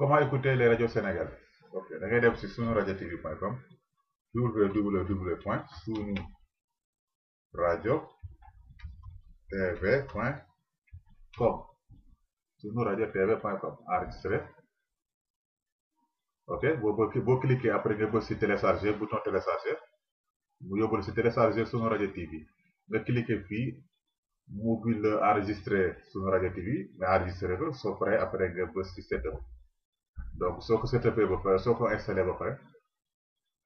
Comment écouter les radios sénégalaises Ok, da ngay dem sur sunu radio tv.com ok vous cliquez cliquer après nga bës télécharger bouton télécharger vous pouvez la télécharger sunu radio tv vous cliquer puis vous pouvez le sur sunu radio tv mais enregistrer ko après nga bës donc soo ko setupé ba pare soo ko installé ba pare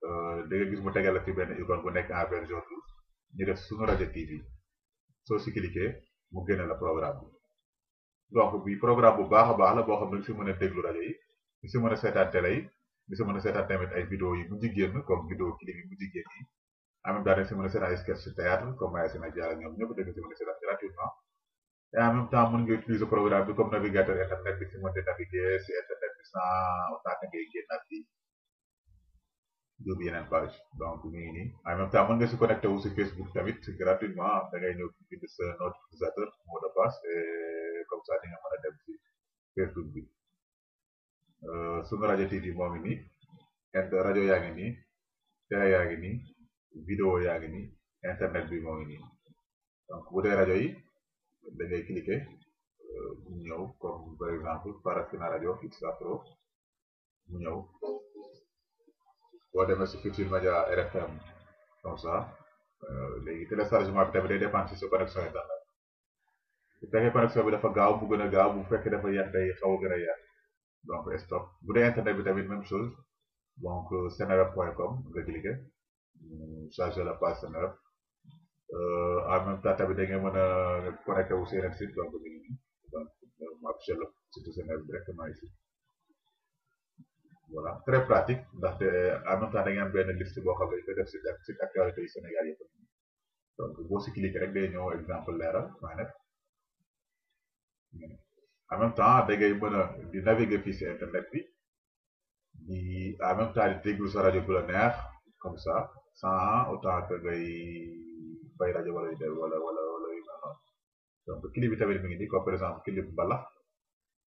euh, da nga gis mu tegal ak ci benn icône bu nekk en version 12 ñu def suñu rajo TV soo si mu génne la programme bi donc bi programme bu baax a baax la boo xam ne si mën a déglu rajo yi nga si mën a seetaan télé yi nga si mën a tamit ay vidéo yi mu jigéen comme vidéo clip yi mu jigéen yi en même temps da nga si mën a seetaan ay sketch théâtre comme Maya a Diarra si mën a seetaan gratuitement et si mën di attaque ngay génn ak fii yóbbu yeneen page donc mi ngi nii nga si connecté wu si Facebook tamit gratuitement da ngay ñëw bind passe et comme ça di nga a dem si Facebook bi sunu rajo TV moo ngi nii and rajo yaa ngi vidéo yaa internet bi moo donc bu dee yi da cliquer Euh, mu ñëw comme par exemple Parafina radio X mu comme ça euh, léegi téléchargement bi tamit day dépendre si sa connexion internet bu fekkee connexion bi dafa gaaw bu gën a gaaw bu fekkee dafa yéex day xaw a gën donc stop bu dee internet bi tamit chose donc euh, seneweb point com nga cliquer chargé la page seneweb en même temps tamit da ngeen mën a connecté wu seen site donc chez le citoyen directement ici voilà très pratique ndaxte en même temps benn liste boo xam ne dañ def site site actualité yi Sénégal yëpp donc si cliqué rek day ñëw exemple leeral point en même temps mën a di naviguer fii si internet bi di en même di déglu sa rajo bu la neex comme ça sans autant que ngay fay rajo wala wala wala wala yu mel noonu donc clip bi tamit mi ngi nii comme par exemple clip mbalax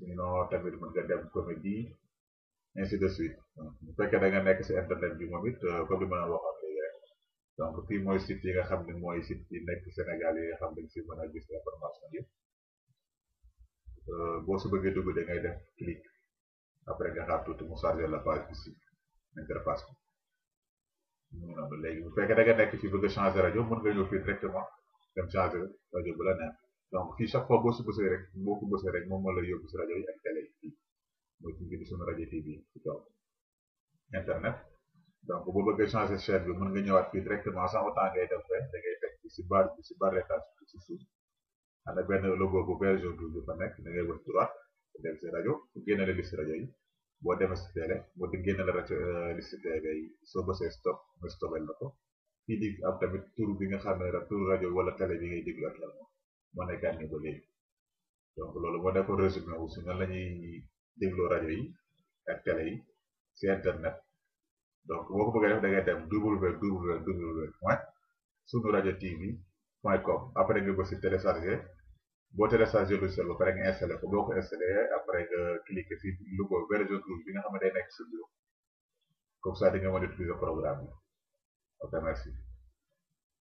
sinon tamit mën nga dem comédie ainsi de suite donc bu fekkee da nga nekk si internet bi moom it comme li ma la waxoon mau rek donc fii mooy site yi nga xam ne mooy site yi nekk Sénégal yi nga xam ne si mën a gis information yëpp boo si bëggee dugg da ngay def clic après nga xaar tuuti mu chargé la page bi si interface bi mu noonu léegi bu da nga nekk ci bëgg changer radio mën nga ñëw directement dem radio bu la donc fii chaque fois boo si bësee rek moom moo lay yóbbu si rajo ak télé yi mooy ci biir suñu rajo TV ci kaw bi mën nga ñëwaat fii directement sans autant teg si bar bi si barre d'étage bi si suuf am na benn logo bu vert jaune rouge fa nekk da ngay wër droite si rajo génne la liste rajo yi boo demee si télé boo di génne la rajo euh, liste télé yi soo bësee stop nga stopel la ko fii di am tamit tur bi nga xam ne tur rajo wala télé bi ngay déglu ak lan moo nekkaat ni ko léegi donc loolu moo nekkoon résumé wu si nan la ñuy dégloo yi ak télé yi ci internet donc boo ko bëggee def da ngay dem www.sunuradiotv.com après nga ko ci télécharger boo téléchargé logiciel ba pare nga installer ko boko installer après nga cliquer ci lu ko version rouge bi nga xam ne day nekk sa bureau comme ça di nga mën a utiliser programme ok merci